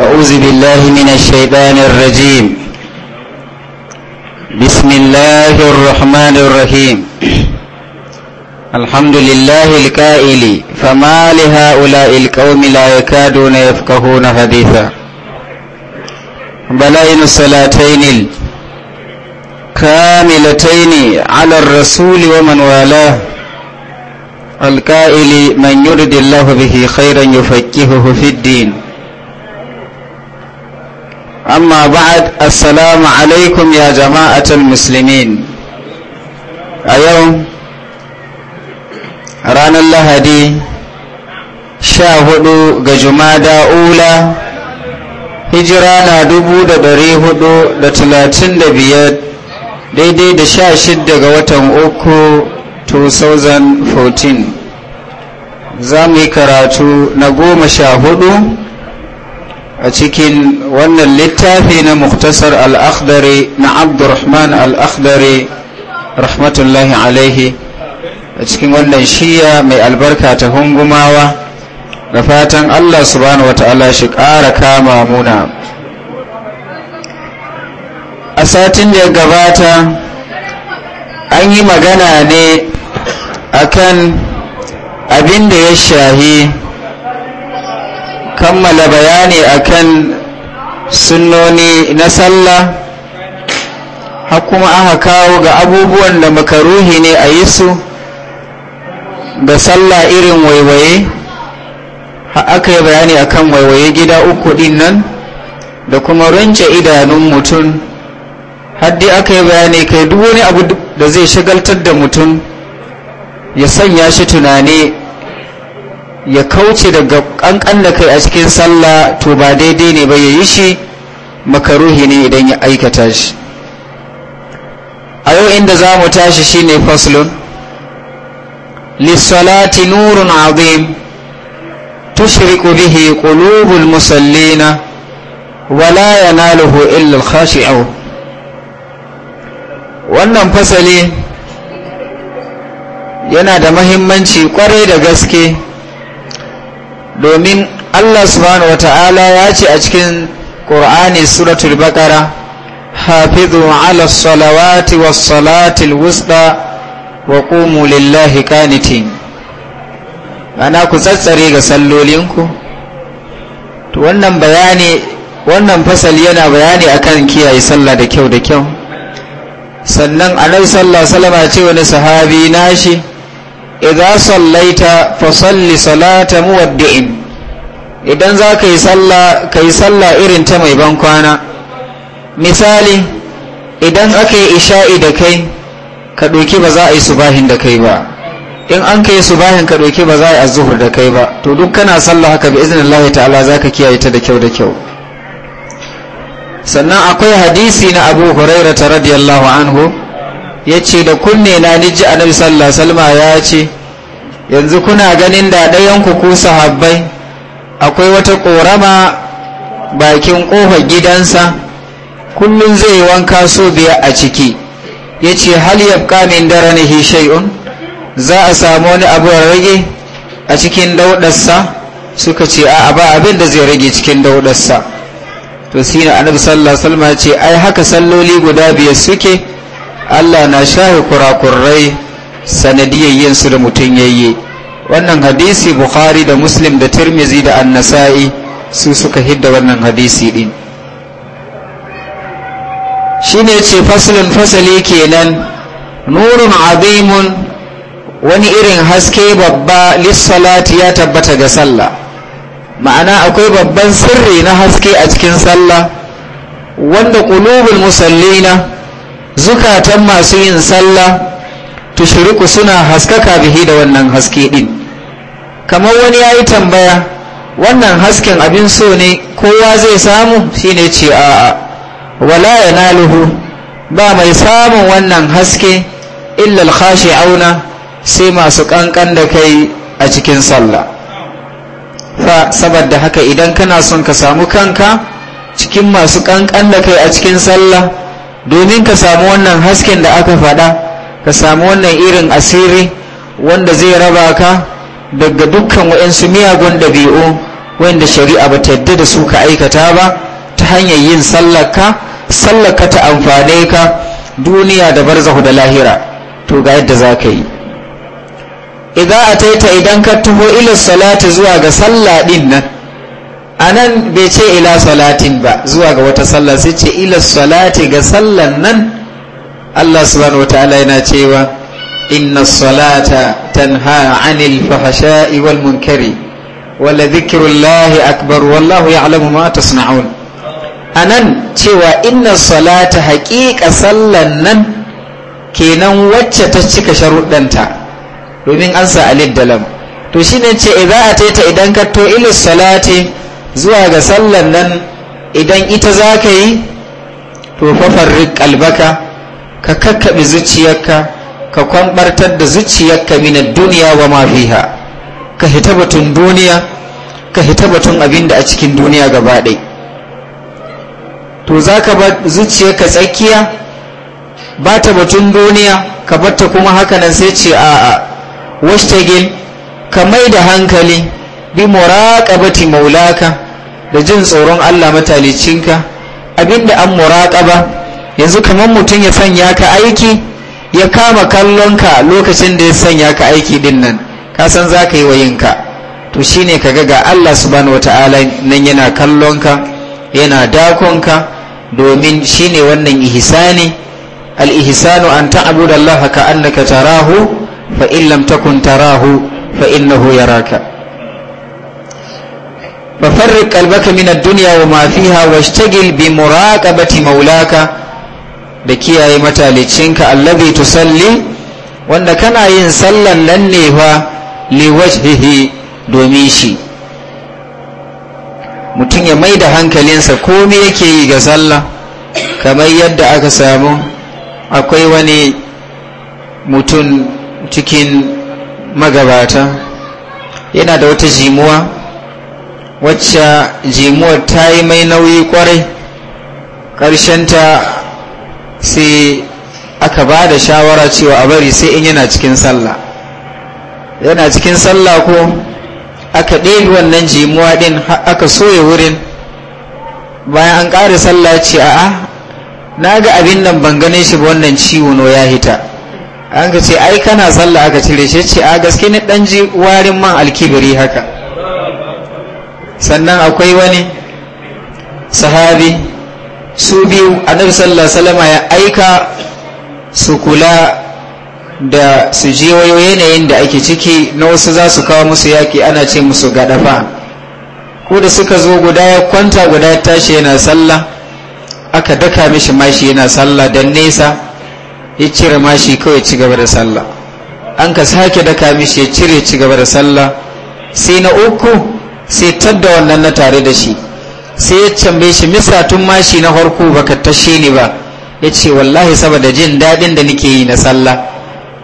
أعوذ بالله من الشيطان الرجيم بسم الله الرحمن الرحيم الحمد لله الكائل فما لهؤلاء القوم لا يكادون يفقهون حديثا بلين الصلاتين الكاملتين على الرسول ومن والاه الكائل من يرد الله به خيرا يفكهه في الدين amma ba'ad assalamu alaikum ya يا musulmin. a yau ranar lahadi sha hudu ga jumada ula hijira na dubu da dari hudu da talatin da biyar daidai da sha shidda ga watan uku 2014 za mu yi karatu na goma sha hudu a cikin wannan littafi na muktasar al'akhdari na abdurrahman al'akhdari rahmatullahi alaihi a cikin wannan shiya mai albarka ta hungumawa da fatan allah subhanahu wa ta'ala shi ƙara kama muna a satin da gabata an yi magana ne akan abin da ya shahi kammala bayani akan sunnoni na sallah har kuma aka kawo ga abubuwan da makaruhi ne a yi su ga sallah irin waiwaye aka yi bayani akan waiwaye gida uku din nan da kuma rance idanun mutum haddi aka yi bayani kai duk wani abu da zai shagaltar da mutum ya sanya shi tunani ya kauce daga kankan da kai a cikin sallah to ba daidai ne ba ya yi shi makaruhi ne idan ya aikata shi a yau inda za mu tashi shine faslun lissalati nurun azim tushriku bihi qulubul musallina wala yanaluhu illa al-khashi'un wannan fasali yana da mahimmanci kwarai da gaske domin Allah subhanahu wata'ala ya ce a cikin Qur'ani suratul Baqara hafizu ala salawati was salatil wusta wa qumu lillahi kanitin ana ku tsatsare ga sallolinku to wannan bayani wannan fasali yana bayani akan kiyaye sallah da kyau da kyau sannan annabi sallallahu alaihi wasallam ya ce wani sahabi nashi idza sallaita fa salli salata muwaddi'in idan za ka yi sallah ka yi irin ta mai ban kwana misali idan aka yi isha'i da kai ka ɗauki ba za a yi subahin da kai ba in an kai yi subahin ka ɗauki ba za a yi azuhur da kai ba to duk kana sallah haka bi izinin Allah ta'ala za ka kiyaye ta da kyau da kyau sannan akwai hadisi na abu huraira ta radiyallahu anhu ya ce da kunne na niji annabi sallallahu salma ya ce yanzu kuna ganin da ɗayan ku ku sahabbai akwai wata ƙorama bakin ƙofa gidansa kullum zai yi wanka so biya a ciki ya ce hal yabqa min daranihi shay'un za a samu wani abu rage a cikin daudarsa suka ce a ba abin da zai rage cikin daudarsa to sina annabi sallallahu alaihi wasallam ce ai haka salloli guda biyar suke Allah na shahi kurakurai sanadiyar yin su da mutum yi wannan hadisi Bukhari da Muslim da Tirmizi da An-Nasa'i su suka hidda wannan hadisi din shine ce fasalin fasali kenan nurun azimun wani irin haske babba lissalati ya tabbata ga sallah ma'ana akwai babban sirri na haske a cikin sallah wanda qulubul musallina zukatan masu yin sallah tushiriku suna haskaka bihi da wannan haske din kamar wani ya yi tambaya wannan hasken abin so ne kowa zai samu shine ce a'a wala ya naluhu ba mai samun wannan haske illal khashi auna sai masu kankan da kai a cikin sallah fa saboda haka idan kana son ka samu kanka cikin masu kankan da kai a cikin sallah domin ka samu wannan hasken da aka faɗa ka samu wannan irin asiri wanda zai raba ka daga dukkan waɗansu miyagun ɗabi'u wanda shari'a ba ta yadda da su ka aikata ba ta hanyar yin sallaka sallaka ta amfane ka duniya da barzahu da lahira to ga yadda za ka yi idan ka taho ila salati zuwa ga sallah din nan a nan bai ce ila salatin ba zuwa ga wata sallah sai ce ila salati ga sallan nan Allah subhanahu wataala yana cewa inna salata tanha anil fahsha'i wal munkari wala dhikrullahi akbar wallahu ya'lamu ma tasna'un anan cewa inna salata haqiqa sallan nan kenan wacce ta cika sharuɗanta domin an sa alid dalam to shine ce idza ataita idan ka to ila salati zuwa ga sallan nan idan ita za ka yi to fafarrik kalbaka ka kakkaɓe zuciyarka ka kwambartar da zuciyarka minar duniya wa mafiha ka hita batun duniya ka hita batun abin da a cikin duniya gaba ɗai to za ka ba zuciyarka tsakiya ba ta batun duniya ka batta kuma hakanan sai ce a'a washtagil ka mai da hankali bi muraqabati maulaka da jin tsoron Allah matalicinka abinda an muraqaba yanzu kamar mutum ya sanya ka aiki ya kama kallon ka lokacin da ya sanya ka aiki din nan ka san za ka yi wayinka to shine kaga ga Allah subhanahu wataala nan yana kallon ka, yana dakon ka, domin shine wannan ihsani al ihsanu an ta'budallaha ka annaka tarahu fa in lam takun tarahu fa innahu yaraka ففرق قلبك من الدنيا وما فيها واشتغل بمراقبة مولاك دكي أي متاليتشنك الذي تصلي وأن كان أين صلى لنه لوجهه دوميشي mutum ya mai da hankalinsa komi yake yi ga sallah kamar yadda aka samu akwai wani mutum cikin magabata yana da wata jimuwa wacce jimuwar ta yi mai nauyi kwarai ƙarshenta sai aka ba da shawara cewa a bari sai in yana cikin sallah yana cikin sallah ko aka ɗebi wannan jimuwa ɗin aka soya wurin bayan an ƙara sallah ce a'a na ga abin nan ban ganin shi wannan ciwo no ya hita an ka ce ai kana sallah aka cire shi ce a gaske ni ɗan ji warin man alkibiri haka sannan akwai wani sahabi su biyu annabi sallallahu alaihi ya aika su kula da su je wayo yanayin da ake ciki na wasu za su kawo musu yaki ana ce musu gadafa ko da suka zo guda ya kwanta guda ya tashi yana sallah aka daka mishi mashi yana sallah don nesa ya cire mashi kawai ci gaba da sallah an ka sake daka mishi ya cire ci gaba da sallah sai na uku sai da wannan na tare da shi sai ya canbe shi misa tun mashi na farko baka tashe ni ba ya ce wallahi saboda jin daɗin da nake yi na sallah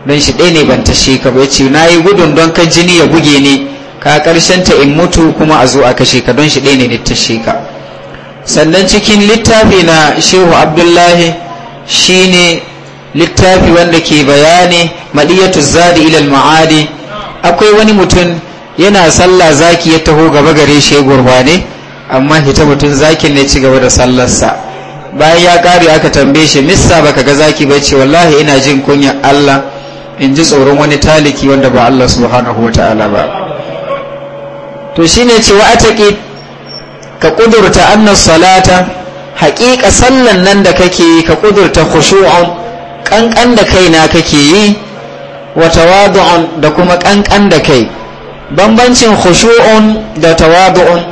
don shi ɗaya ne ban tashe ka ba ya ce na yi gudun don ka jini ya buge ni ka ƙarshen ta in mutu kuma a zo a kashe ka don shi ɗaya ne ni tashe ka sannan cikin littafi na shehu abdullahi shine littafi wanda ke bayani maliyatu zadi ilal ma'adi akwai wani mutum yana sallah zaki ya taho gaba gare shi gurbane amma hita mutum zakin ne ci gaba da sallarsa bayan ya kare aka tambaye shi missa baka ga zaki ba ce wallahi ina jin kunya Allah in ji tsoron wani taliki wanda ba Allah subhanahu wa ba to shine ce wa ataqi ka kudurta anna salata haƙiƙa sallan nan da kake yi ka kudurta khushu'an kankan da kaina kake yi wa tawadu'an da kuma kankan da kai bambancin khushu'un da tawadu'un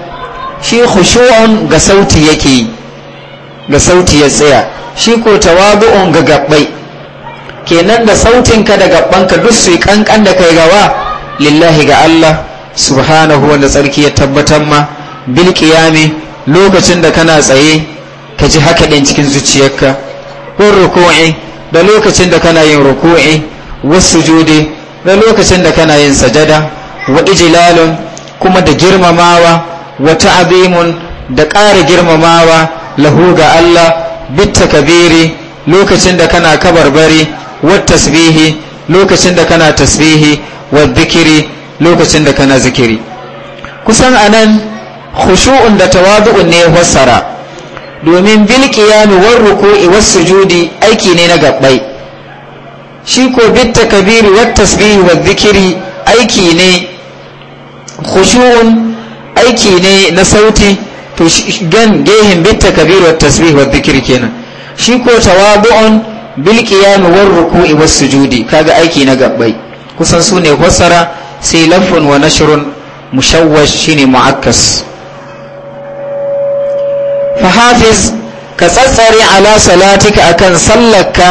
shi khushu'un ga sauti yake ga sauti ya tsaya shi ko tawadu'un ga gabbai kenan da sautin ka da gabbanka duk su kankan da kai gawa lillahi ga Allah subhanahu wa tsarki ya tabbatar ma bil qiyami lokacin da kana tsaye ka ji haka din cikin zuciyarka ko ruku'i da lokacin da kana yin ruku'i wasu jude da lokacin da kana yin sajada wa ijlalun kuma da girmamawa wa ta'zimun da ƙara girmamawa lahu ga Allah kabiri lokacin da kana kabarbari wa tasbihi lokacin da kana tasbihi wa dhikri lokacin da kana zikiri kusan anan khushu'un da tawadu'un ne fassara domin bil qiyami ruku'i was sujudi aiki ne na gabbai shi ko bit takbiri wa tasbihi wa dhikri aiki ne khushu'un aiki ne na sauti to gan gehin bitta kabiru wat tasbih wat dhikr kenan shi ko tawadu'un bil qiyam war ruku'i was sujudi kaga aiki na gabbai kusan su ne fassara sai lafun wa nashrun mushawwash shine mu'akkas fa hafiz ka tsatsare ala salatika akan sallarka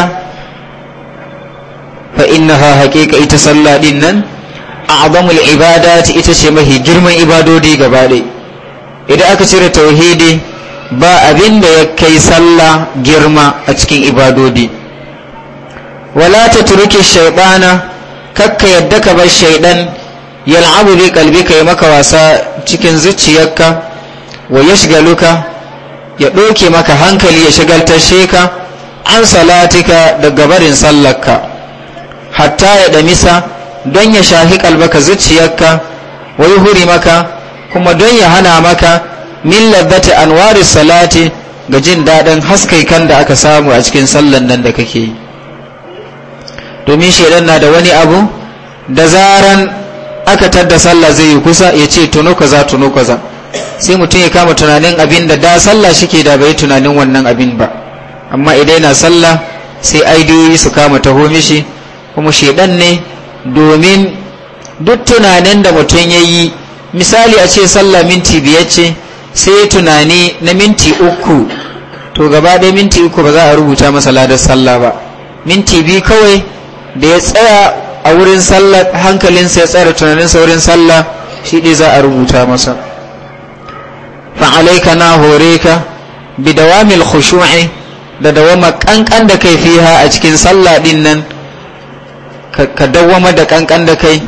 fa innaha haqiqa ita sallah din nan azamul ibadat ita ce mahi girman ibadodi gaba idan aka cire tauhidi ba abin da ya kai sallah girma a cikin ibadodi wala ta turuki shaidana kakka yadda ka bar shaiɗan yal'abu bi kalbika ya maka wasa cikin zuciyarka wa yashgaluka ya ɗauke maka hankali ya shagaltashe ka an salatika daga barin sallarka hatta ya damisa. don ya shafi kalbaka zuciyarka wai huri maka kuma don ya hana maka min labbata anwari salati ga jin daɗin kan da aka samu a cikin sallan nan da kake yi domin shaidan na da wani abu da zaran aka tadda sallah zai yi kusa ya ce tuno kaza tuno kaza sai mutum ya kama tunanin abin da da sallah shike da bai tunanin wannan abin ba amma idan na sallah sai aidiyoyi su kama taho mishi kuma shaidan ne domin duk tunanin da mutum ya yi misali a ce sallah minti biyar ce sai ya tunani na minti uku to gaba ɗaya minti uku ba za a rubuta masa ladar sallah ba minti biyu kawai da ya tsaya a wurin sallah hankalinsa ya tsaya da tunaninsa wurin sallah shi ɗai za a rubuta masa fa'alaika na hore ka bidawamil khushu'i da dawama kankan da kai fiha a cikin sallah din nan ka dawwama da kankan da kai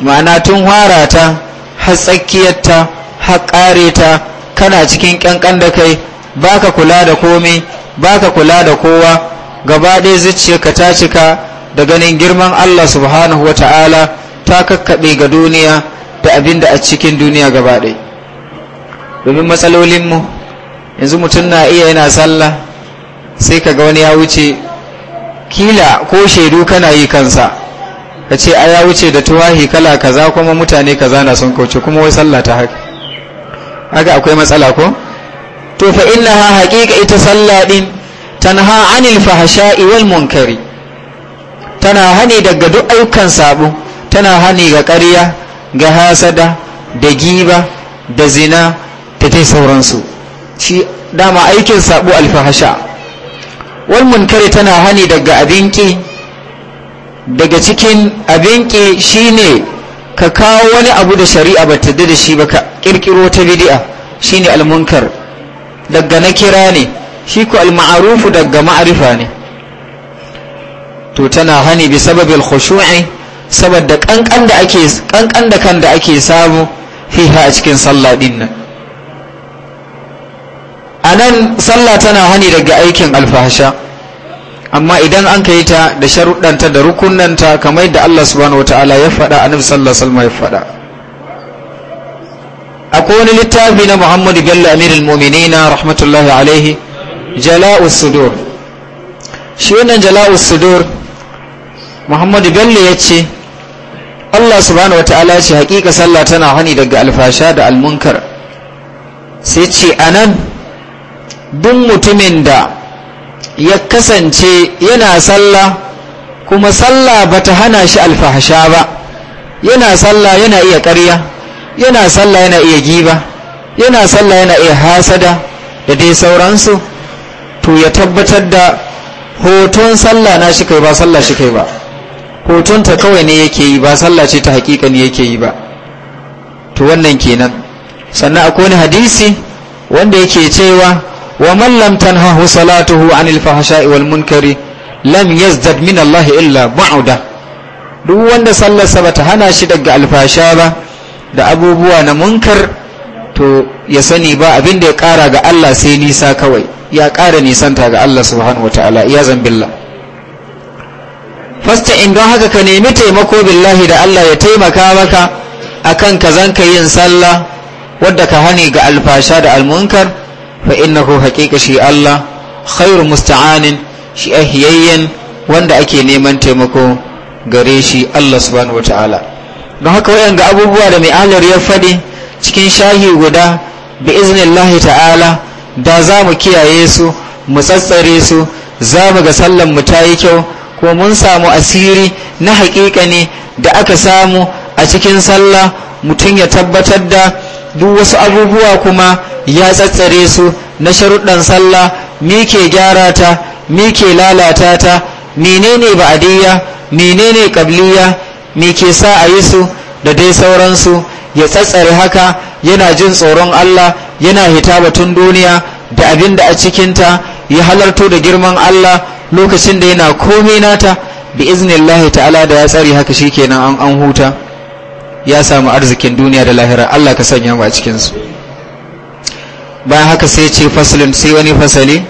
ma'ana tun hwara ta har tsakiyarta har ƙare ta kana cikin kankan da kai baka kula da komai baka kula da kowa gaba ɗaya ka ta cika da ganin girman Allah subhanahu wa ta'ala ta kakkaɓe ga duniya da abin da a cikin duniya gaba ɗaya domin matsalolinmu yanzu mutum na iya yana sallah sai ka ga wani ya wuce kila ko shaidu kana yi kansa ka ce a ya wuce da tuwahi kala kaza kuma mutane kaza na sun kauce kuma wai sallah ta haka haka akwai matsala ko to fa ha haqiqa ita sallah din tanha anil fahsha'i wal munkari tana hani daga duk aikan sabo tana hani ga ƙarya ga hasada da giba da zina da dai sauransu shi dama aikin sabo alfahasha wal munkari tana hani daga abinki daga cikin abin shi shine ka kawo wani abu da shari'a ba ta da shi ba ka ƙirƙiro ta bidi'a shine almunkar daga na kira ne shi ku alma'arufu daga ma'arifa ne to tana hani bi sababil khushu'i saboda kankan da ake kankan da kan da ake samu fiha a cikin sallah din nan anan sallah tana hani daga aikin alfahasha amma idan an ka yi ta da sharuɗanta da rukunanta kamar yadda Allah subhanahu wa ta'ala ya faɗa a nufi sallallahu alaihi ya faɗa akwai wani littafi na Muhammad Bello Amirul Mu'minina rahmatullahi alaihi Jala'u Sudur shi wannan Jala'u Sudur Muhammad Bello ya ce Allah subhanahu wa ta'ala ce haƙiƙa sallah tana hani daga alfasha da almunkar sai ce anan duk mutumin da ya kasance yana sallah kuma sallah bata hana shi alfahasha ba yana sallah yana iya ƙarya yana sallah yana iya giba yana sallah yana iya hasada da dai sauransu to ya tabbatar da hoton sallah na shi kai ba sallah shi kai ba hotonta kawai ne yake yi ba sallah ce ta hakika ne yake yi ba to wannan kenan sannan akwai wani hadisi wanda yake cewa wa man lam tanhahu salatuhu anil fahsha'i wal munkari lam yazdad min Allah illa duk wanda sallar sa bata hana shi daga alfasha ba da abubuwa na munkar to ya sani ba abin da ya kara ga Allah sai nisa kawai ya kara nisanta ga Allah subhanahu wataala ya zambilla fasta in don haka ka nemi taimako billahi da Allah ya taimaka maka akan ka zanka yin sallah wadda ka hani ga alfasha da almunkar fa innahu haqiqa shi Allah khairu musta'anin shi ahiyayyen wanda ake neman taimako gare shi Allah subhanahu wataala don haka ga abubuwa da mai alar ya faɗi cikin shahi guda bi iznillahi ta'ala da za mu kiyaye su mu tsatsare su za mu ga sallan mu ta yi kyau ko mun samu asiri na haƙiƙa ne da aka samu a cikin sallah mutum ya tabbatar da duk wasu abubuwa kuma ya tsatsare su na sharuɗan sallah mi ke gyara ta mi ke lalata ta menene ba'adiyya menene qabliya ƙabliya ke sa a yi su da dai sauransu ya tsatsare haka yana jin tsoron Allah yana hita batun duniya da abin da a cikinta ya halarto da girman Allah lokacin da yana komai nata bi iznillahi ta'ala da ya tsari haka shikenan an an huta ya samu arzikin duniya da lahira Allah ka sanya mu a cikin su bayan haka sai ce fasalin sai wani fasali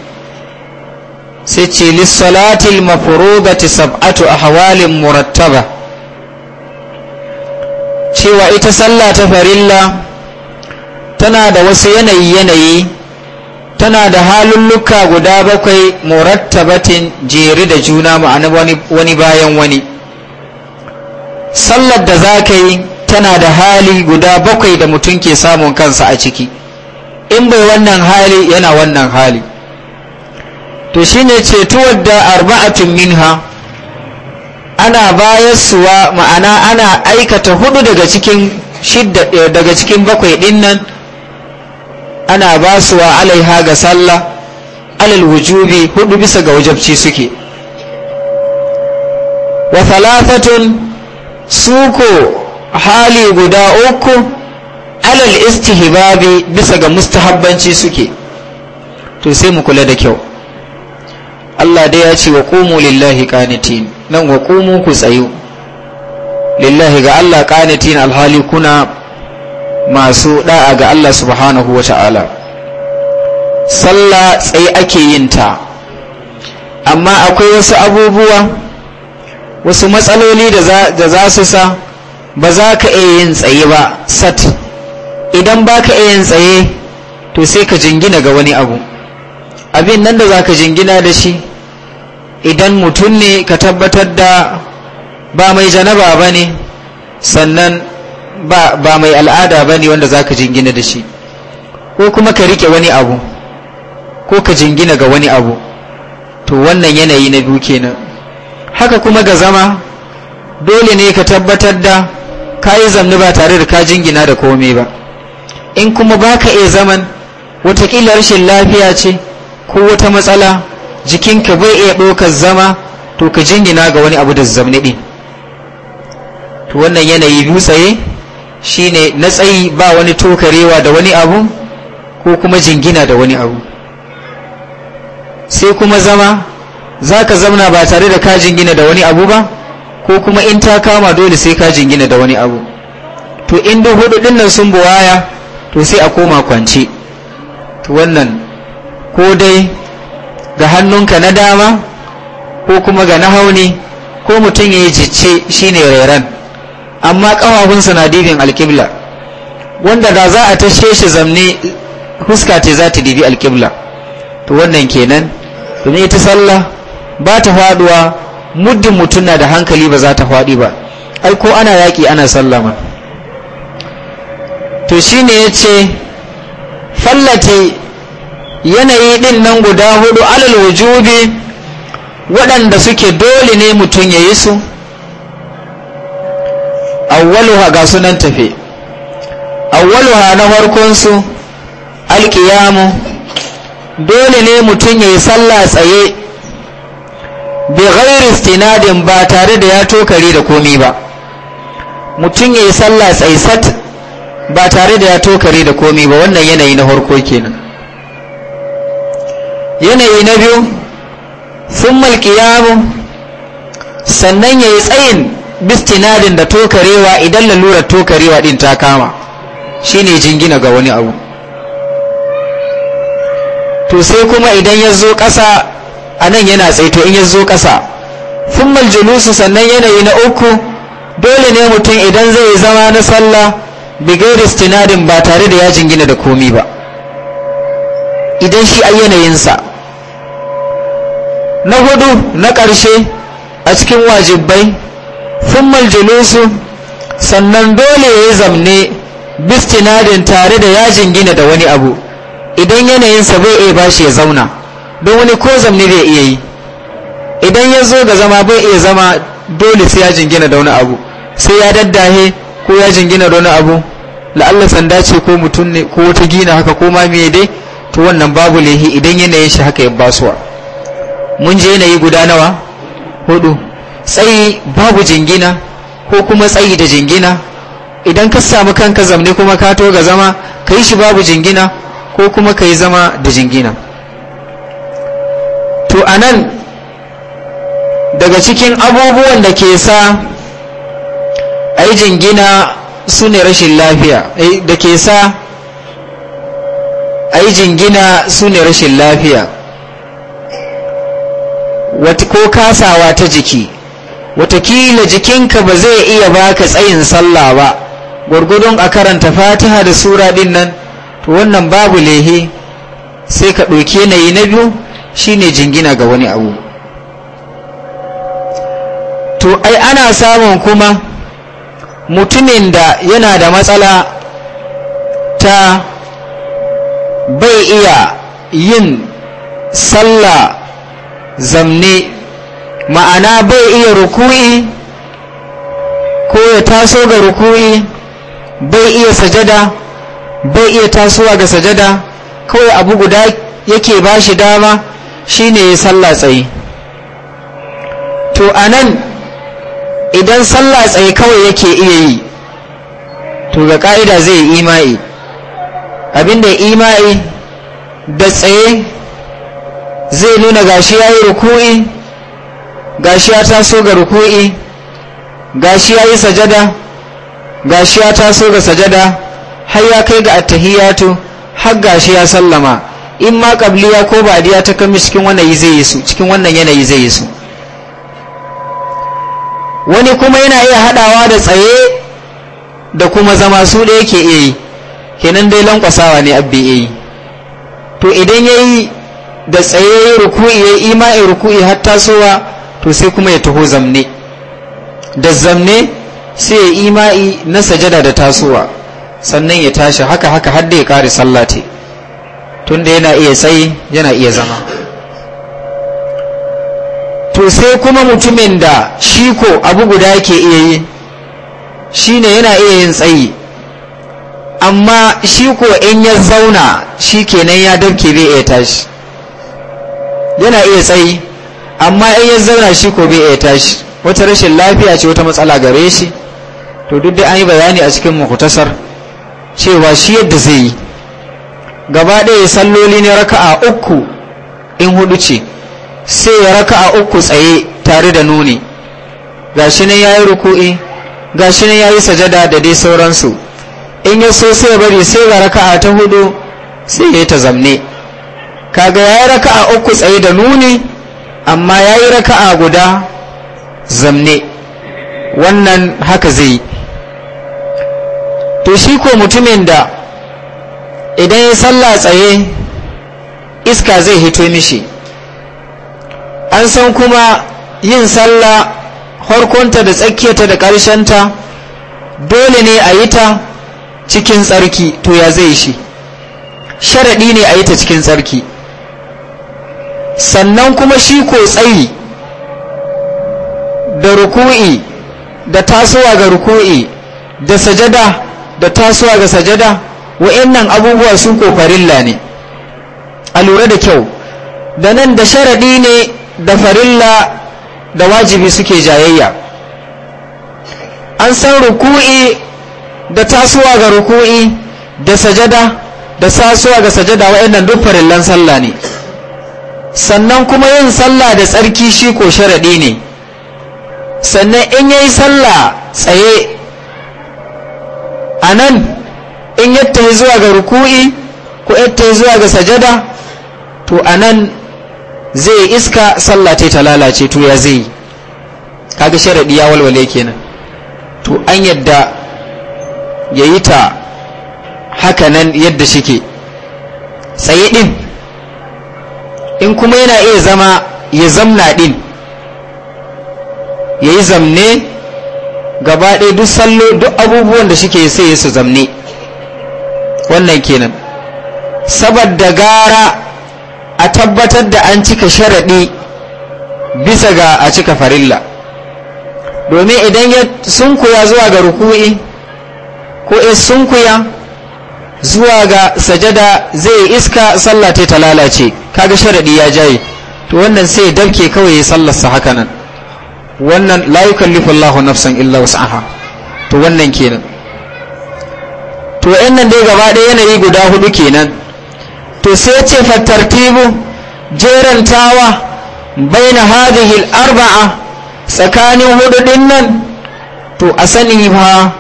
sai ce lissalatil mafurudati sab'atu ahwalin murattaba cewa ita sallah ta farilla tana da wasu yanayi yanayi tana da halulluka guda bakwai murattabatin jere da juna ma'ana wani bayan wani sallar da za ka yi tana da hali guda bakwai da mutum ke samun kansa a ciki in bai wannan hali yana wannan hali to shi ne cetuwar da arba'atun minha ana bayarsuwa ma'ana ana aikata hudu daga cikin shidda eh, daga cikin bakwai din nan ana wa alaiha ga sallah alal wujubi hudu bisa ga wajabci suke wa thalathatun suko hali guda uku alal istihbabi bisa ga mustahabbanci suke to sai mu kula da kyau Allah dai ya ce wa qumu lillahi qanitin nan wa qumu ku tsayu lillahi ga Allah qanitin alhali kuna masu da'a ga Allah subhanahu wata'ala sallah tsaye ake yin ta amma akwai wasu abubuwa wasu matsaloli da za su sa ba za ka iya yin tsaye ba sat idan ba ka iya yin tsaye to sai ka jingina ga wani abu abin nan da za ka jingina da shi idan mutum ne ka tabbatar da ba mai janaba ba ne sannan ba mai al'ada ba ne wanda za ka jingina da shi ko kuma ka rike wani abu ko ka jingina ga wani abu to wannan yanayi na biyu kenan haka kuma ga zama dole ne ka tabbatar da ka yi zamni ba tare da ka jingina da komai ba in kuma baka iya zaman watakila rashin lafiya ce ko wata matsala jikinka bai iya ɗaukar zama to ka jingina ga wani abu da zamni ɗin to wannan yanayi dutsaye shine na tsayi ba wani tokarewa da wani abu ko kuma jingina da wani abu sai kuma zama za ka zamna ba tare da ka jingina da wani abu ba ko kuma in ta kama dole sai ka jingina da wani abu to in duk hudu nan sun buwaya to sai a koma kwance to wannan ko dai ga hannunka na dama ko kuma ga nahauni ko mutum ya yi jicce shine rairan amma ƙafafunsa na dibin alkibla. wanda da za a tashe shi zamne huska ce za ta dibi alkibla. to wannan kenan domin ita sallah ba ta faduwa muddin mutum na da hankali ba za ta faɗi ba ai ko ana yaƙi ana sallama to shi ne ya ce fallate yanayi ɗin nan guda hudu alal wujubi waɗanda suke dole ne mutum ya yi su awwaluha ga sunan tafe awwaluha na farkonsu alkiyamu dole ne mutum ya yi sallah tsaye bi ghairi istinadin ba tare da ya tokare da komi ba mutum ya yi sallah tsaisat ba tare da ya tokare da komi ba wannan yanayi na harko kenan yanayi na biyu sun malkiyamu sannan ya yi tsayin bistinadin da tokarewa idan lalurar tokarewa din ta kama shine jingina ga wani abu to sai kuma idan ya zo ƙasa anan yana tsaito in ya zo ƙasa thummal julusu sannan yanayi na uku dole ne mutum idan zai zama na sallah bigair istinadin ba tare da yajin gina da komi ba idan shi a yanayinsa na hudu na ƙarshe a cikin wajibai thummal julusu sannan dole ya yi zamne bistinadin tare da yajin gina da wani abu idan yanayinsa bai iya bashi ya zauna don wani ko zamne zai iya yi idan ya zo ga zama bai iya zama dole sai ya jingina da wani abu sai ya daddahe ko ya jingina da wani abu la'alla sanda ce ko mutum ne ko wata gina haka ko ma me dai to wannan babu lehi idan yanayin shi haka ya basuwa mun je yanayi guda nawa hudu tsayi babu jingina ko kuma tsayi da jingina idan ka samu kanka zamne kuma ka to ga zama ka yi shi babu jingina ko kuma ka yi zama da jingina to anan daga cikin abubuwan da ke sa a yi jingina su ne rashin lafiya eh, da ke sa a yi jingina su ne rashin lafiya wata ko kasawa ta jiki watakila jikinka ba zai iya baka tsayin sallah ba gwargwadon a karanta fatiha da sura din nan to wannan babu lehe sai ka ɗauki yanayi na biyu shine jingina ga wani abu to ai ana samun kuma mutumin da yana da matsala ta bai iya yin sallah zamne ma'ana bai iya ruku'i ko ya taso ga ruku'i bai iya sajada bai iya tasowa ga sajada kawai abu guda yake bashi shi dama shine ya sallah tsaye to a nan idan sallah tsaye kawai yake iya yi to ga ka'ida zai yi ima'i abinda ima'i da tsaye zai nuna gashi ya yi ruku'i gashi ya taso ga ruku'i gashi ya yi sajada gashi ya taso ga sajada har ya kai ga attahiyatu har gashi ya sallama in ma kabliya ko badiya ta kami cikin wannan zai yi su cikin wannan yanayi zai yi su wani kuma yana iya hadawa da tsaye da kuma zama su da yake iya yi kenan dai lankwasawa ne abbi iya yi to idan yayi da tsaye ruku'i ya ima'i ruku'i har tasowa to sai kuma ya taho zamne da zamne sai ya ima'i na sajada da tasowa sannan ya tashi haka haka har da ya kare sallate tunda yana iya tsayi yana iya zama to sai kuma mutumin da shi ko abu guda ke iya yi shine yana iya yin tsayi amma shi ko in ya zauna shi kenan ya dabke bai iya tashi yana iya tsayi amma in ya zauna shi ko bai iya tashi wata rashin lafiya ce wata matsala gare shi to duk da an yi bayani a cikin mukhtasar cewa shi yadda zai yi gaba ɗaya salloli ne raka'a uku in hudu ce sai ya raka'a uku tsaye tare da nuni gashi nan yi ruku'i gashi nan yi sajada da dai sauransu in ya so sai ya bari sai ga raka'a ta hudu sai ya yi ta zamne kaga ya yayi raka'a uku tsaye da nuni amma ya yayi raka'a guda zamne wannan haka zai to shi ko mutumin da idan ya sallah tsaye iska zai hito mishi an san kuma yin sallah harkonta da tsakiyarta da ƙarshen ta dole ne a yi ta cikin tsarki to ya zai shi sharaɗi ne a yi ta cikin tsarki sannan kuma shi ko tsayi da ruku'i da tasowa ga ruku'i da sajada da tasowa ga sajada wa'annan abubuwa sun ko farilla ne a lura da kyau da nan da sharaɗi ne da farilla da wajibi suke jayayya an san ruku'i da tasuwa ga ruku'i da sajada da tasuwa ga sajada wa'annan duk farillan sallah ne sannan kuma yin sallah da tsarki shi ko sharaɗi ne sannan in yayi sallah tsaye a nan in yadda ya zuwa ga ruku'i ko yadda ya zuwa ga sajada to a nan zai iska sallah ta lalace to ya zai kaga sharaɗi ya walwale kenan to an yadda ya yi ta haka nan yadda shike tsaye ɗin in kuma yana iya zama ya zamna ɗin ya yi zamne gaba ɗaya duk sallo duk abubuwan da shike sai ya su zamne wannan kenan saboda gara a tabbatar da an cika sharaɗi bisa ga a cika farilla domin idan ya sunkuya zuwa ga ruku'i ko ya sunkuya zuwa ga sajada zai iska sallah ta lalace kaga sharaɗi ya jaye to wannan sai dabke kawai ya sallarsa haka nan wannan la yukallifu nafsan illa wus'aha to wannan kenan to yan nan dai gaba ɗaya yanayi guda hudu kenan to sai ce fattartibu jerantawa baina na al-arba'a tsakanin hudu nan to a sani ba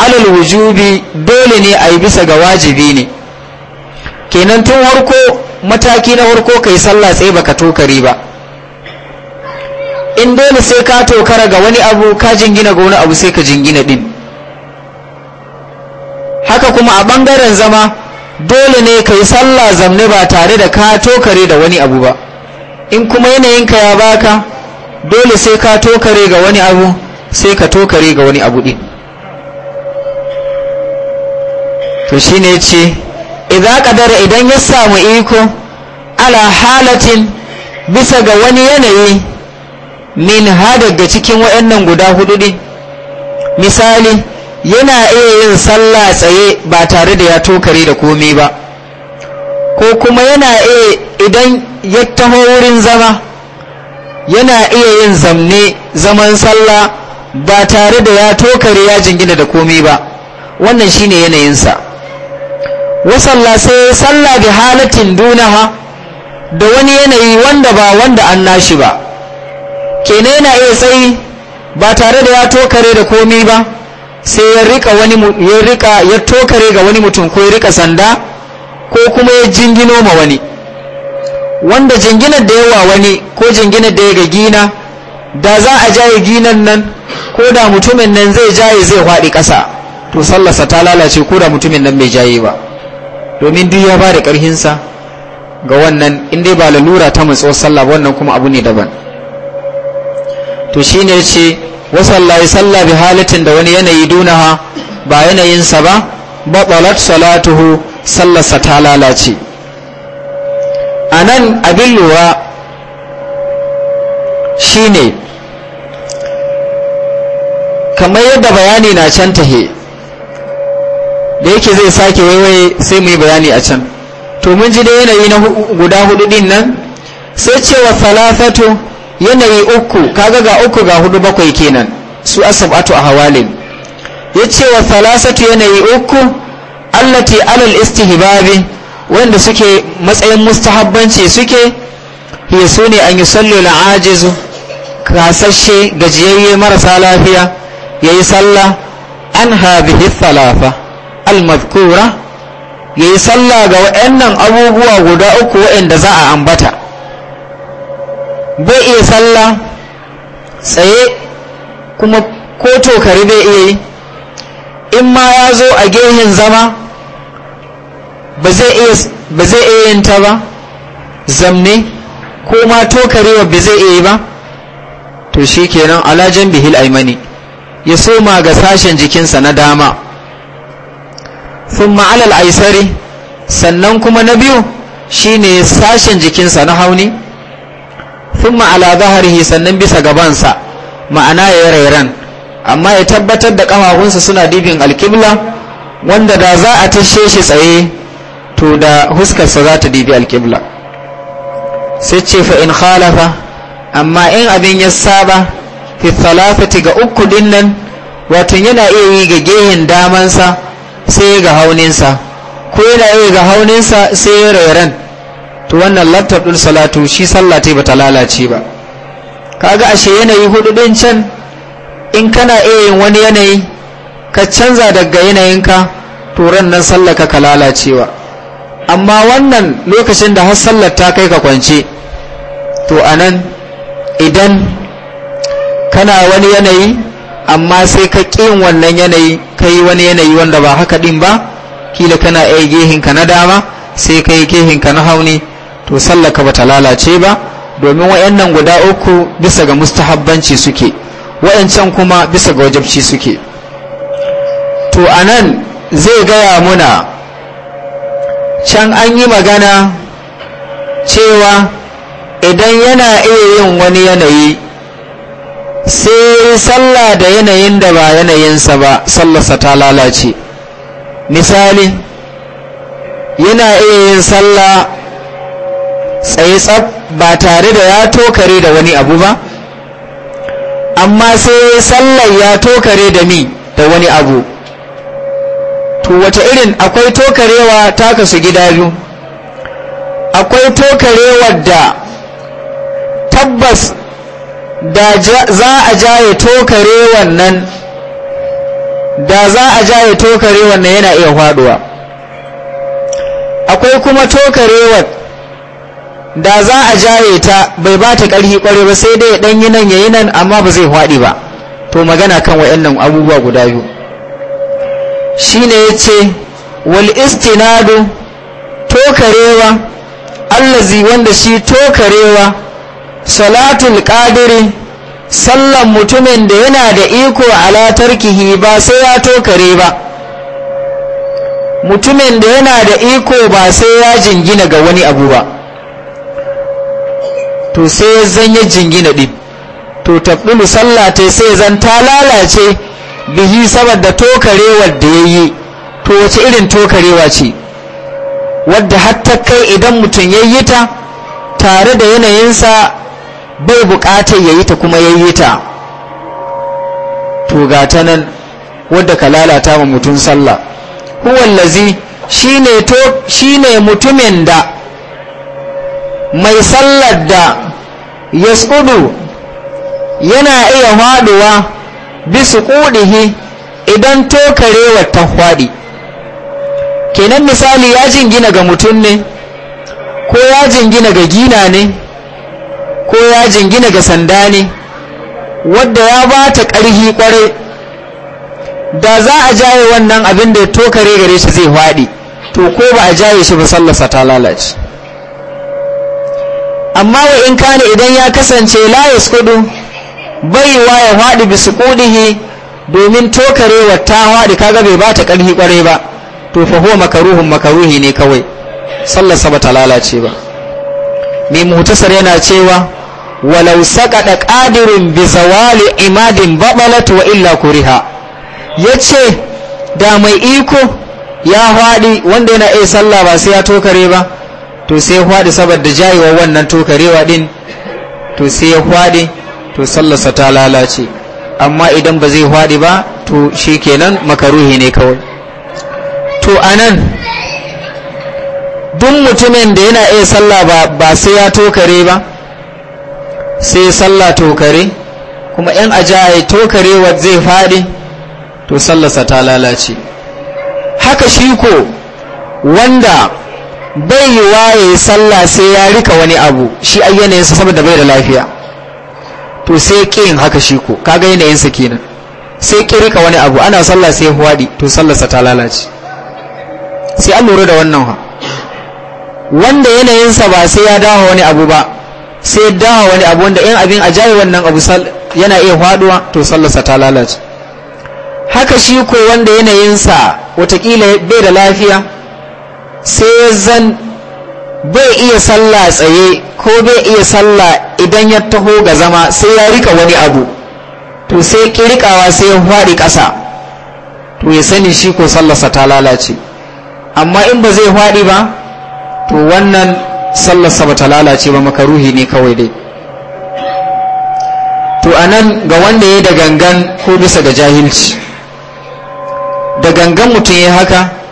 alal wujubi dole ne a yi bisa ga wajibi ne kenan tun harko mataki na harko kai sallah tsaye baka tokari ba in dole sai ka tokara ga wani abu ka jingina ga wani abu sai ka jingina din haka kuma a ɓangaren zama dole ne ka yi sallah zamne ba tare da ka tokare da wani abu ba in kuma yanayinka ya baka dole sai ka tokare ga wani abu sai ka tokare ga wani abu ɗin to shi ne ce idan idan ya samu iko ala halatin bisa ga wani yanayi min hada ga cikin waɗannan guda hudu ɗin misali yana iya yin sallah tsaye ba tare da ya tokare da komai ba ko kuma yana iya idan ya taho wurin zama yana iya yin zamne zaman sallah ba tare da ya tokare ya jingina da komai ba wannan shine yanayinsa wasalla sai sallah bi halatin dunaha da wani yanayi wanda ba wanda an nashi ba kenan yana iya tsayi ba tare da ya tokare da komai ba sai ya rika wani ya rika ya tokare ga wani mutum ko ya rika sanda ko kuma ya jingino ma wani wanda jinginar da yawa wani ko jinginar da ya ga gina da za a jaye ginan nan ko da mutumin nan zai jaye zai faɗi ƙasa to sallarsa ta lalace ko da mutumin nan bai jaye ba domin duk ya ba da ƙarhinsa ga wannan in dai ba lalura ta mutsuwar sallah wannan kuma abu ne daban to shine ce wasalla ya salla bi halatin da wani yanayi dunaha ba yanayinsa ba batsalat salatuhu sallarsa ta lalace a nan abin lura shi ne. kamar yadda bayani na can tahe da yake zai sake waiwaye sai mu yi bayani a can to mun ji da yanayi na guda hudu din nan sai cewa salafatu yanayi uku kaga ga uku ga hudu bakwai kenan su asabatu a hawalin ya ce wa salasatu yanayi uku allati alal istihbabi wanda suke matsayin mustahabbanci suke ya su ne an yi ajizu. la'ajizu kasashe gajiyayye marasa lafiya ya yi sallah an habihi salafa al ya yi sallah ga wa'annan abubuwa guda uku wa'anda za a ambata bai iya sallah tsaye kuma ko tokari bai iya yi in ma ya zo a gehen zama ba zai iya yin ta ba zamne ko ma tokari ba zai iya yi ba to shi kenan alajan bihil aimani ya soma ga sashen jikinsa na dama sun ma'alal aisari sannan kuma na biyu shine sashen jikinsa na hauni thumma ala zaharihi sannan bisa gabansa ma'ana ya rairan amma ya tabbatar da kafafunsa suna dibin alkibla wanda da za a tashe shi tsaye to da huskarsa za ta dibi alkibla sai ce fa in khalafa amma in abin ya saba fi thalathati ga uku dinnan wato yana iya yi ga gehen damansa sai ga hauninsa ko yana iya ga hauninsa sai ya rairan to wannan lantar ɗin salatu shi sallah ta bata lalace ba ka ga ashe yanayi hudu ɗin can in kana iya yin wani yanayi ka canza daga yanayinka to ran nan sallah ka lalacewa amma wannan lokacin da har sallar ta kai ka kwance to anan idan kana wani yanayi amma sai ka ƙin wannan yanayi ka yi wani yanayi wanda ba haka ɗin ba kila kana iya gehinka na dama sai ka yi gehinka na hauni to sallaka bata lalace ba domin wayannan guda uku bisa ga mustahabbanci suke wayancan kuma bisa ga wajabci suke to anan zai gaya muna can an yi magana cewa idan yana iya yin wani yanayi sai sallah da yanayin da ba yanayinsa ba sallarsa ta lalace misali yana iya yin sallah tsaye tsab ba tare da ya tokare da wani abu ba amma sai sallar ya tokare da mi da wani abu to wata irin akwai tokarewa ta kasu gida biyu akwai tokarewar da tabbas da za a jaye tokarewar nan da za a jaye tokarewar nan yana iya faduwa akwai kuma tokarewar da za a jaye ta bai ba ta ƙarfi ƙware ba sai dai ɗan yi nan ya yi nan amma ba zai faɗi ba to magana kan wa'annan abubuwa guda biyu shi ne ya ce wal istinadu tokarewa allazi wanda shi tokarewa salatul ƙadiri sallan mutumin da yana da iko alatar kihi ba sai ya tokare ba mutumin da yana da iko ba sai ya jingina ga wani abu ba to sai zan yi jingina ɗi to tabdulu sallah ta sai zan ta lalace bihi saboda tokarewar da ya yi to wace irin tokarewa ce wadda hatta kai idan mutum ya yi ta tare da yanayinsa bai bukatar ya yi ta kuma ya yi ta to ga ta nan wadda ka lalata ma mutum sallah huwallazi shi ne shine mutumin da mai sallar da yasqudu yana iya haɗuwa bisu kudihi idan tokarewar ta fadi kenan misali ya jingina ga mutum ne ko ya jingina ga gina ne ko ya jingina ga sanda ne wadda ya ba ta ƙarfi ƙware da za a jaye wannan abin da ya tokare gare shi zai haɗi to ko ba a jaye shi ba sallarsa ta lalace amma wa in kana idan ya kasance la bai baiwa ya waɗi bisuqudihi domin tokarewa ta haɗi kaga bai bata ƙarfi ƙware ba to fa huwa makaruhun makaruhi ne kawai sallar sa bata lalace ba mai mutasar yana cewa walau saqada qadirun bi zawali imadin babalat wa illa kuriha yace da mai iko ya haɗi wanda yana iya sallah ba sai ya tokare ba to sai ya hwadi saboda jayewa wannan tokarewa ɗin to sai ya hwadi to sallarsa ta lalace amma idan ba zai hwadi ba to shi kenan makaruhi ne kawai to anan duk mutumin da yana iya sallah ba ba sai ya tokare ba sai sallah tokare kuma yan jaye tokarewa zai fadi to sallarsa ta lalace haka shi ko wanda bai yi waye sallah sai ya rika wani abu shi ai yanayinsa saboda bai da lafiya to sai ƙin haka shi ko kaga yanayinsa kenan sai ƙi rika wani abu ana sallah sai huwaɗi to sallarsa ta lalace sai an lura da wannan ha wanda yanayinsa ba sai ya dawo wani abu ba sai dawo wani abu wanda yan abin ajayi wannan abu yana iya faduwa to sallarsa ta lalace haka shi ko wanda yanayinsa watakila bai da lafiya sai zan bai iya salla tsaye ko bai iya salla idan ya taho ga zama sai ya rika wani abu to sai kirkawa sai ya fadi kasa to ya sani shi ko sallarsa ta lalace amma in ba zai fadi ba to wannan sallarsa ba ta lalace ba makaruhi ne kawai dai to anan ga wanda ya da gangan ko bisa ga jahilci da gangan mutum ya haka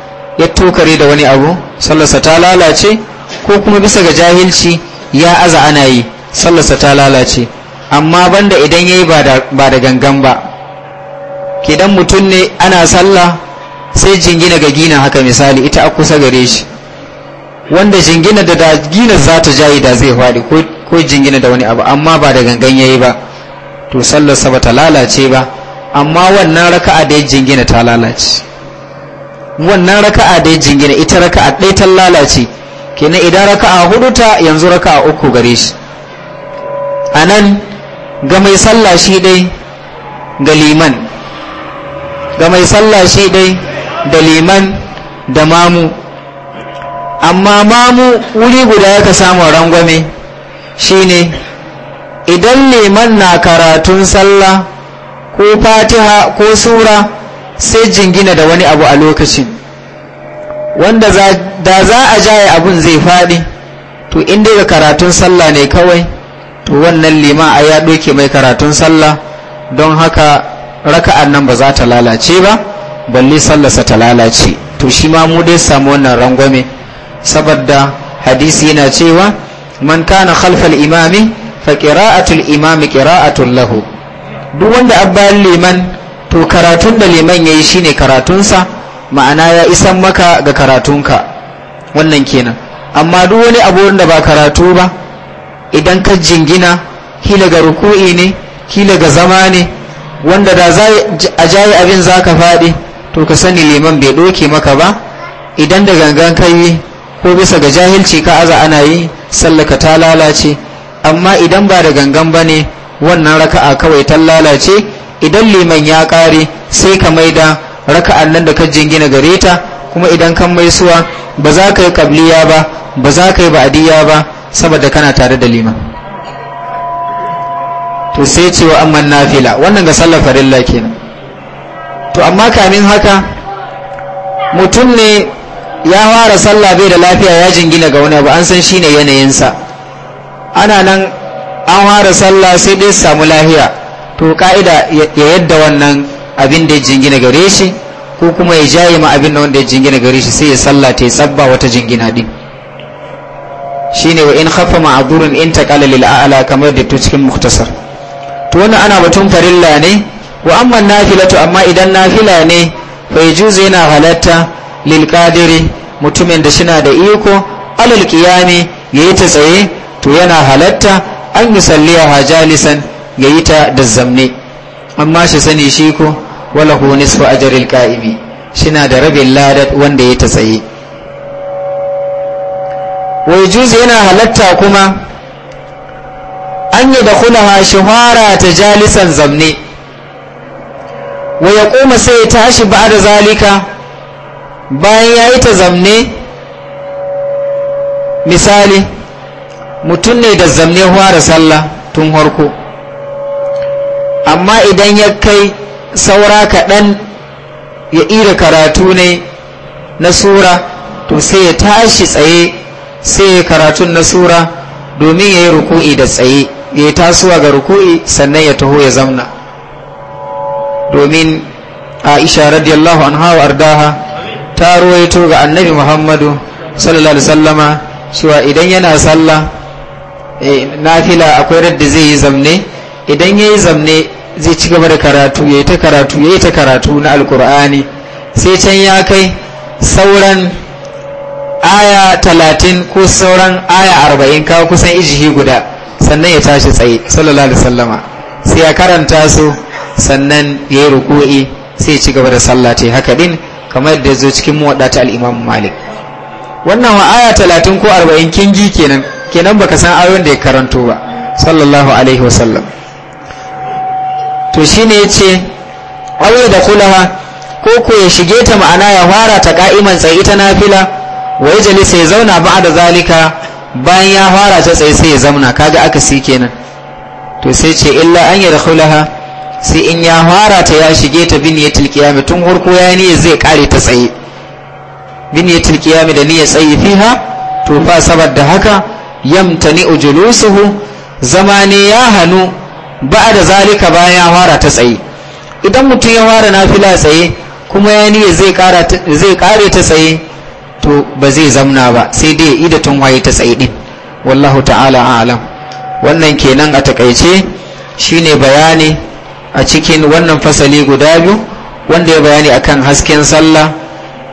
ya tokare da wani abu sallarsa ta lalace ko kuma bisa ga jahilci ya aza ana yi sallarsa ta lalace amma banda idan ya yi ba da gangan ba kidan mutum ne ana sallah sai jingina ga gina haka misali ita a kusa gare shi wanda jingina da gina za ta jayi da zai faɗi ko jingina da wani abu amma ba da gangan ya yi ba to sallarsa ba ta lalace ba amma wannan raka'a da ya jingina ta lalace wannan raka'a dai ya jingina ita raka'a ɗaya ta lalace kenan idan raka'a hudu ta yanzu raka'a uku gare shi a nan ga mai sallah shi dai ga liman ga mai sallah shi dai da liman da mamu amma mamu wuri guda ka samun rangwame shine idan liman na karatun sallah ko fatiha ko sura sai jingina da wani abu a lokacin wanda da za a jaye abun zai faɗi to inda ga karatun sallah ne kawai to wannan liman a ya doke mai karatun sallah don haka raka'an nan ba za ta lalace ba balle sallarsa ta lalace to shi ma mu dai samu wannan rangwame saboda hadisi yana cewa man kana khalfal imami fa qira'atul imami qira'atul lahu duk wanda abban liman to karatun da liman ya yi shine karatunsa ma'ana ya isan maka ga karatunka wannan kenan amma duk wani abubuwan da ba karatu ba idan ka jingina hila ga ruku'i ne hila ga zama ne wanda da za a jaye abin za ka faɗi to ka sani liman bai ɗoke maka ba idan da gangan ka yi ko bisa ga jahilci ka aza ana yi sallaka ta lalace amma idan ba da gangan ba ne wannan raka'a kawai ta lalace idan liman ya kare sai ka maida raka'an nan da ka jingina gare ta kuma idan kan mai suwa ba za ka yi kabliya ba ba za ka yi ba'adiyya ba saboda kana tare da liman to sai ce wa amman nafila wannan ga sallar farilla kenan to amma kamin haka mutum ne ya fara sallah bai da lafiya ya jingina ga wani abu an san shine yanayinsa ana nan an fara sallah sai dai samu lafiya. to ka'ida ya yadda wannan abin da ya jingina gare shi ko kuma ya jaye ma abin da wanda ya jingina gare shi sai ya sallata ya tsabba wata jingina din shine wa in khaffa ma'durun in ta lil a'la kamar da to cikin muktasar to wannan ana batun farilla ne wa amma nafilatu amma idan nafila ne fa yajuzu yana halatta lil mutumin da shina da iko alal qiyami yayi ta tsaye to yana halatta an yusalliya hajalisan ya yi ta da zamne amma shi sani shi ko wala hu nisfu ajril qa'imi shina da rabin ladat wanda ya ta tsaye wai juzi yana halatta kuma an yi da kulaha shuhara ta jalisan zamne wai ya koma sai ya tashi ba da zalika bayan ya yi ta zamne misali mutum ne da zamne sallah tun harko amma idan ya kai saura kaɗan ya ira karatu ne na sura to sai ya tashi tsaye sai ya karatun na sura domin ya yi ruku'i da tsaye ya yi tasowa ga ruku'i sannan ya taho ya zamna domin aisha radiyallahu anha wa ardaha ta ruwaito ga annabi muhammadu sallallahu alaihi sallama cewa idan yana sallah eh, fila akwai radda zai yi zamne idan ya yi zamne zai ci gaba da karatu ya yi ta karatu ya yi ta karatu na alkur'ani sai can ya kai sauran aya talatin ko sauran aya arba'in kawo kusan ijihi guda sannan ya tashi tsaye sallallahu alaihi sallama sai ya karanta su sannan ya yi ruku'i sai ci gaba da sallah ta haka din kamar da zo cikin ta al'imam malik wannan wa aya talatin ko arba'in kingi kenan kenan baka san ayoyin da ya karanto ba sallallahu alaihi wasallam to shine yace auye da kulaha ko ko ya shige ta ma'ana ya fara ta ka'iman tsaye ita nafila wai jalisa ya zauna ba da zalika bayan ya fara ta tsaye sai ya zauna kaga aka si kenan to sai ce illa an ya dakhulaha sai in ya fara ta ya shige ta biniyatul qiyam tun harko ya ne zai kare ta tsaye biniyatul qiyam da niyya tsaye fiha to fa da haka yamtani ujulusuhu zama ne ya hanu ba da zalika bayan ya fara ta tsaye idan mutum ya fara nafila tsaye kuma ya niyya zai kare ta tsaye to ba zai zamna ba sai dai ida tun waye ta tsaye din wallahu ta'ala alam wannan kenan a takaice shine bayani a cikin wannan fasali guda biyu wanda ya bayani akan hasken sallah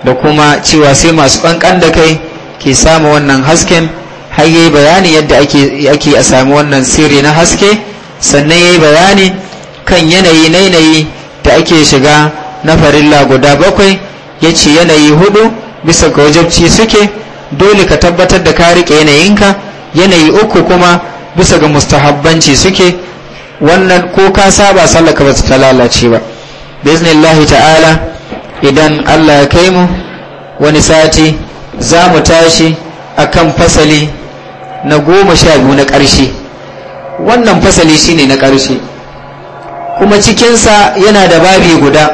da kuma cewa sai masu kankan da kai ke samu wannan hasken har yayi bayani yadda ake a samu wannan sirri na haske sannan ya yi bayani kan yanayi na yanayi da ake shiga na farilla guda bakwai ya ce yanayi hudu bisa ga wajabci suke dole ka tabbatar da ka rike yanayinka yanayi uku kuma bisa ga mustahabbanci suke wannan ko ka saba sallaka ba ta lalace ba biznillahi ta'ala idan allah ya kai mu wani sati za mu tashi akan fasali na goma sha biyu na ƙarshe wannan fasali shine na ƙarshe kuma cikinsa yana da babi guda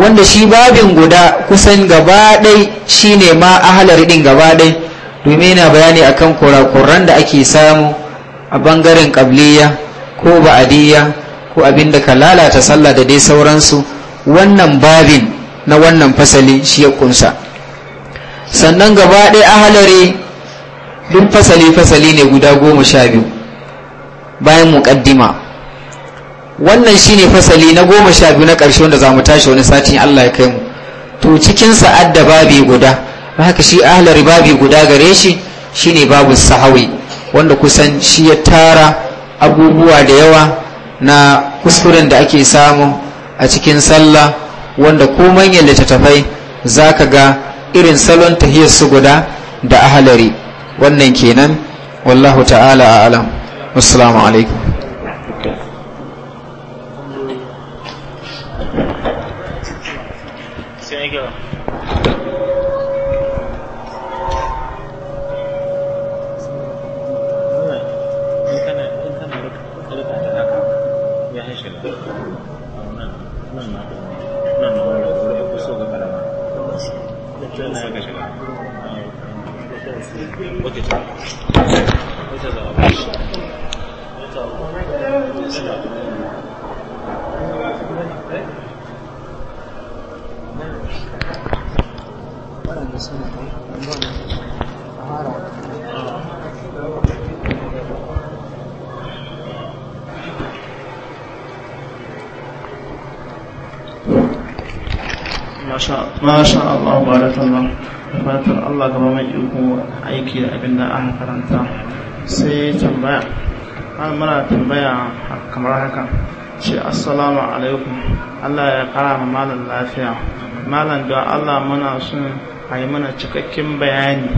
wanda shi babin guda kusan gabaɗai shine ma ahalar ɗin gabaɗai domin yana bayani akan kurakuran da ake samu a bangaren ƙabliya ko ba'adiyya ko abin da ka lalata sallah da dai sauransu wannan babin na wannan fasali shi ya kunsa sannan gabaɗaya halare duk fasali-fasali ne guda goma sha biyu bayan muƙaddima wannan shine fasali na goma sha biyu na ƙarshe wanda za mu tashi wani sati Allah ya kai mu to cikin sa'ad da babi guda haka shi ahlar babi guda gare shi shine babu sahawi wanda kusan shi ya tara abubuwa da yawa na kuskuren da ake samu a cikin sallah wanda ko manyan littattafai za ka ga irin salon tahiyar su guda da ahalari wannan kenan wallahu ta'ala a alam السلام علیکم malam don allah muna son a yi mana cikakken bayani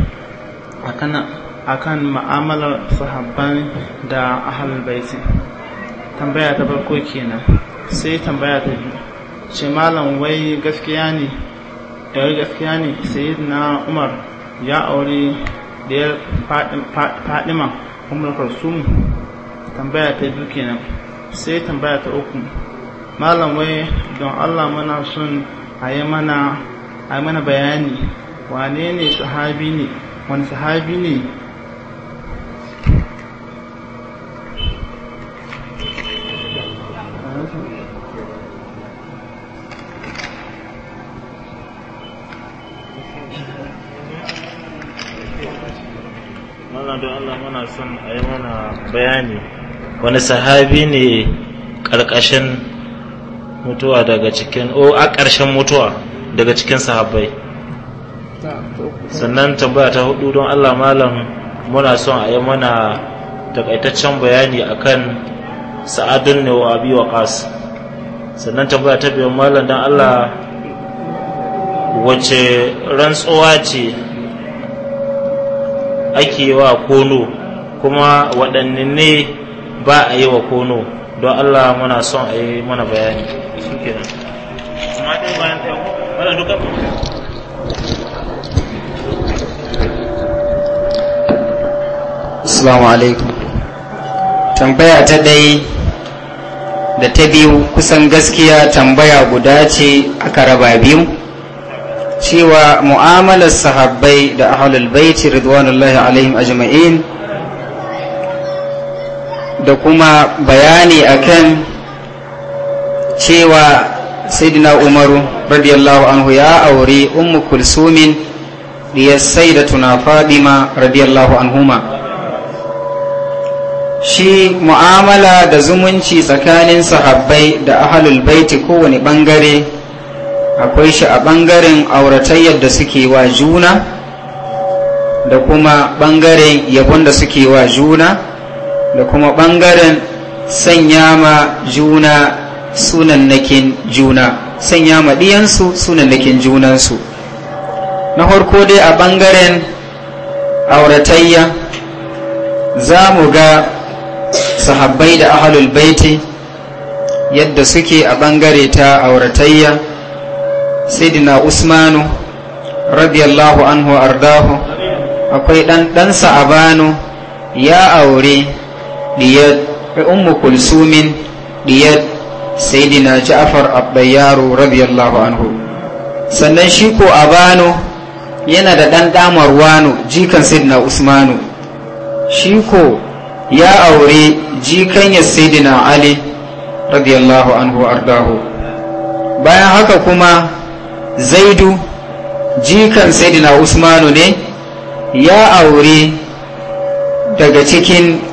akan ma'amalar sahabban da ahal baitin tambaya ta farko kenan sai tambaya ta biyu ce malam wai gaskiya ne yawai eh, gaskiya ne sai na umar ya aure da faɗima, fadima umar karsumu tambaya ta biyu kenan sai tambaya ta uku malam wai don allah muna son a yi mana bayani wane ne sahabi ne wani sahabi ne bayani wani sahabi ne ƙarƙashin mutuwa daga cikin o a ƙarshen mutuwa daga cikin sahabbai sannan tambaya ta hudu don allah malam muna son a yi mana takaitaccen bayani akan sa'adun ne wa biyu wa sannan tambaya ta biyan malam don allah wace rantsuwa ce ake wa kono kuma waɗanne ne ba a yi wa kono don Allah muna son a yi mana bayani Assalamu alaikum tambaya ta dai da ta biyu kusan gaskiya tambaya guda ce aka raba biyu cewa mu'amalar sahabbai da ahlul baiti ridwanullahi alaihim ajma'in da kuma bayani akan cewa sayyidina umaru radiyallahu anhu ya aure ummu kulsumin da tuna fadima radiyallahu anhuma shi mu'amala da zumunci tsakanin sahabbai da ahalul baiti kowane bangare akwai shi a bangaren auratayyar da suke wa juna da kuma bangaren yabon da suke wa juna da kuma ɓangaren sanya ma juna sunannakin juna sanya ma ɗiyansu sunannakin junansu na farko dai a ɓangaren auratayya za mu ga sahabbai da ahalul baiti yadda suke a ɓangare ta auratayya saidina usmanu radiyallahu anhu ardahu akwai ɗan ɗansa abanu ya aure Ɗiyar ummu kulsumin ɗiyar saidina ja'far Abdayyaru radiyallahu anhu sannan shi ko abano yana da ɗan ɗamar wano jikan saidina usmanu shi ko ya aure jikan ya saidina ali radiyallahu anhu ardahu bayan haka kuma zaidu jikan saidina usmanu ne ya aure daga cikin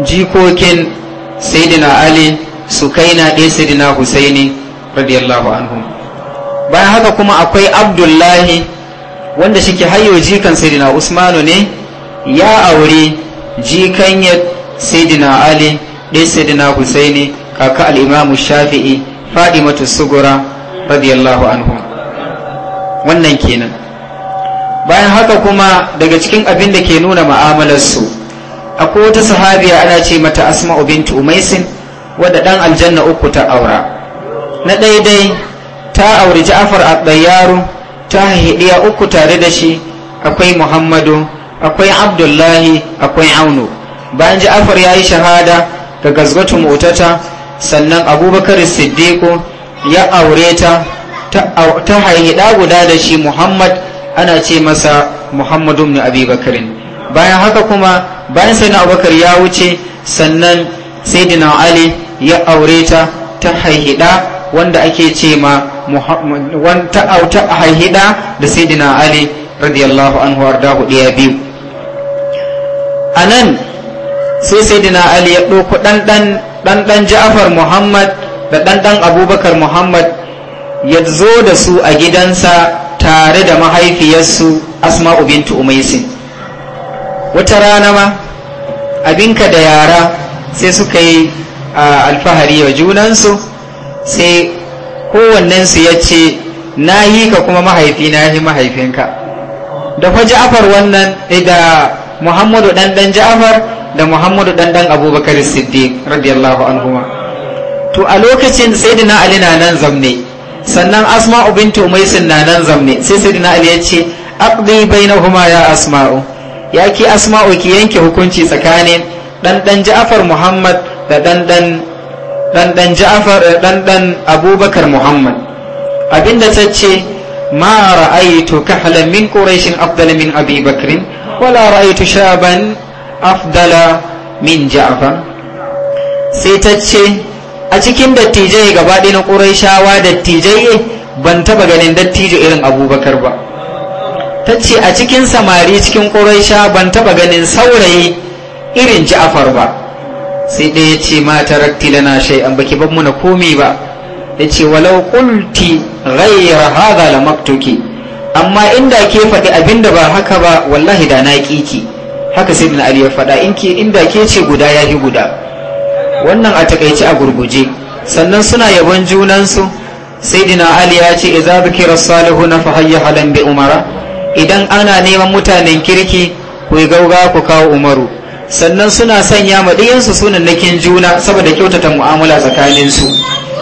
jikokin sayyidina ali sukaina ɗaya sayyidina husaini radiyallahu anhu bayan haka kuma akwai abdullahi wanda shike hayo jikan sayyidina usmanu ne ya aure jikanyar sayyidina ali ɗin sayyidina husaini kaka al'imamu shafi'i fadimatu sugura radiyallahu anhu wannan kenan bayan haka kuma daga cikin abin da ke nuna ma'amalarsu akwai wata sahabiya ana ce mata asma'u bintu umaisin wadda dan aljanna uku ta aura na daidai ta auri ja'far ad-dayyaru ta hidiya uku tare da shi akwai muhammadu akwai abdullahi akwai aunu bayan ja'far ya yi shahada ga gazgatu mutata sannan abubakar siddiqu ya aure ta ta haihida guda da shi muhammad ana ce masa muhammadu ibn abi bayan haka kuma bayan sai na abubakar ya wuce sannan sai ali ya aure ta ta haihida wanda ake ce ma ta a haihida da sai ali radiyallahu anhu arda ɗaya biyu a nan sai sai ali ya ɗauko ɗanɗan ja'afar muhammad da ɗanɗan abubakar muhammad ya zo da su a gidansa tare da mahaifiyarsu asma'u bintu umaisin wata rana ma abinka da yara sai suka yi a alfahari wa junansu sai kowannensu ya ce na yi ka kuma mahaifi na yi mahaifinka da fa ja'afar wannan eh, da muhammadu ɗanɗan ja'afar da muhammadu ɗanɗan abubakar siddiq radiyallahu anhuma to a lokacin sayyidina ali na nan zamne sannan asma'u bintu umaisin na nan zamne sai sayyidina ali ya ce aqdi bainahuma ya asma'u ya ki asma'u ki yanke hukunci tsakanin ɗanɗan ja'afar muhammad da ɗanɗan ja'afar ɗanɗan eh, abubakar muhammad abinda ta ce ma ra'aitu kahlan min quraishin afdala min abi bakrin wala ra'aitu shaban afdala min ja'afar sai ta ce a cikin dattijai gaba na ƙuraishawa dattijai eh, ban taba ganin dattijo irin abubakar ba ta ce a cikin samari cikin ƙuraisha ban taɓa ganin saurayi irin ja'afar ba sai ɗaya ya ce ma tarakti lana shai, an baki ban muna komi ba ya ce walau qulti ghayra hadha la maktuki amma inda ke faɗi abinda ba haka ba wallahi da na kiki haka sai na ali ya faɗa in ke inda ke ce guda ya yi guda wannan a taƙaice a gurguje sannan suna yabon junansu sai dina ali ya ce idza dhukira salihuna fa hayya halan bi umara idan ana neman mutanen kirki ku yi gauga ku kawo umaru sannan suna sanya ma ɗiyansu sunannakin juna saboda kyautata mu'amala tsakaninsu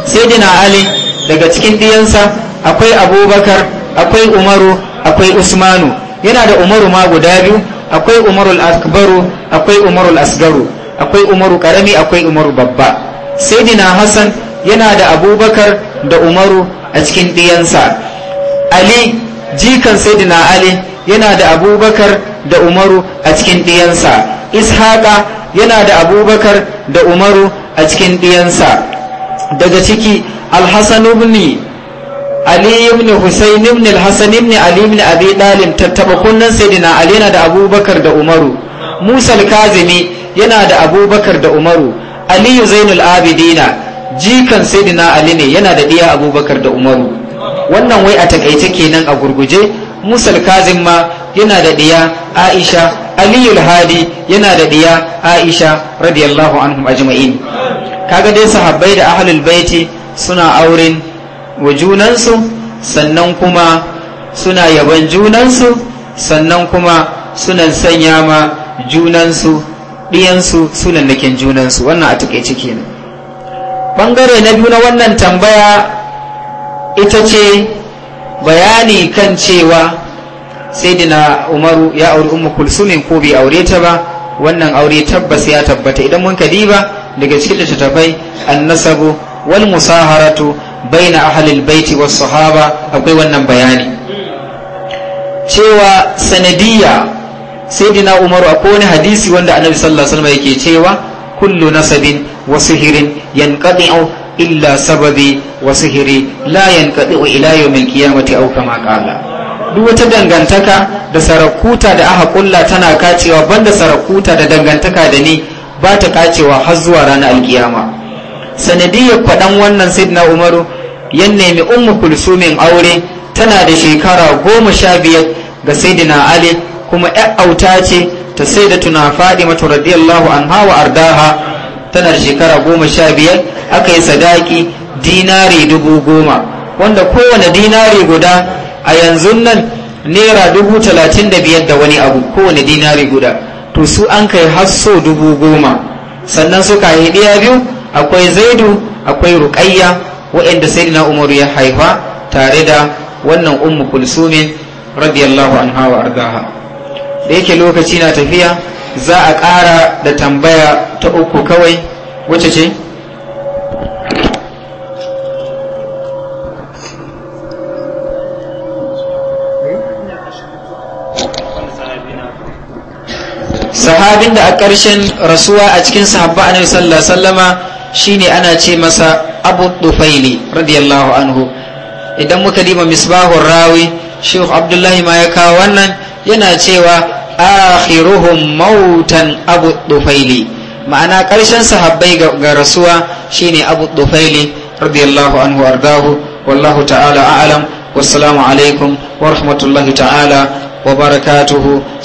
sai dina ali daga cikin ɗiyansa akwai abubakar akwai umaru akwai usmanu yana da umaru ma guda biyu akwai umarul akbaru akwai umarul asgaru akwai umaru karami akwai umaru babba sai dina hassan yana da abubakar da umaru a cikin ɗiyansa ali jikan sayyidina ali yana da abubakar da umaru a cikin ɗiyansa ishaqa yana da abubakar da umaru a cikin ɗiyansa daga ciki alhassan ibn ali ibn husayn ibn alhassan ibn ali ibn abi dalim tattaba kunnan sayyidina ali yana da abubakar da umaru musa al-kazimi yana da abubakar da umaru aliyu zainul abidina jikan saidina ali ne yana da ɗiya abubakar da umaru wannan wai a takaice kenan a gurguje musal kazim ma yana da diya aisha aliyul hadi yana da diya aisha radiyallahu anhum ajma'in kaga dai sahabbai da ahlul baiti suna auren wa junansu sannan kuma suna yaban junansu sannan kuma suna sanya ma junansu ɗiyansu sunan nakin junansu wannan a takaice kenan bangare na biyu na wannan tambaya ita ce bayani kan cewa saidina umaru ya auri Umma kulsumin ko bai aure ta ba wannan aure tabbas ya tabbata idan mun ba daga cikin da tafai an nasabu wal musaharatu baina ahlil baiti was sahaba akwai wannan bayani cewa sanadiyya saidina umaru akwai wani hadisi wanda annabi sallallahu alaihi wasallam yake cewa kullu nasabin wa sihirin yanqati'u illa sababi wa sihiri la yanqadi'u ila yawmil qiyamati aw kama qala duk wata dangantaka da sarakuta da aka kulla tana kacewa banda sarakuta da dangantaka da ni ba ta kacewa har zuwa ranar alkiyama sanadiyar kwadan wannan sidna umaru ya nemi ummu kulsumin aure tana da shekara goma sha biyar ga saidina ali kuma 'yar auta ce ta sai da tuna fadima radiyallahu anha wa ardaha tana da shekara goma sha biyar aka yi sadaki dinari dubu goma wanda kowane dinari guda a yanzu nan naira dubu talatin da biyar da wani abu kowane dinari guda to su an kai hasso dubu goma sannan suka yi ɗaya biyu akwai zaidu akwai ruƙayya waɗanda sai na umaru ya haifa tare da wannan ummu kulsumin radiyallahu anha wa ardaha da yake lokaci na tafiya za a ƙara da tambaya ta uku kawai wacce ce sahabin da a ƙarshen rasuwa a cikin sahabba a sallallahu sallama shine ana ce masa abu dufaili radiyallahu anhu idan muka diba misbahun rawi shi abdullahi ma ya kawo wannan yana cewa akhiruhum mautan abu dufaili ma'ana karshen sahabbai ga rasuwa shine abu dufaili radiyallahu anhu ardahu wallahu ta'ala a'lam wassalamu alaikum wa rahmatullahi ta'ala wa barakatuhu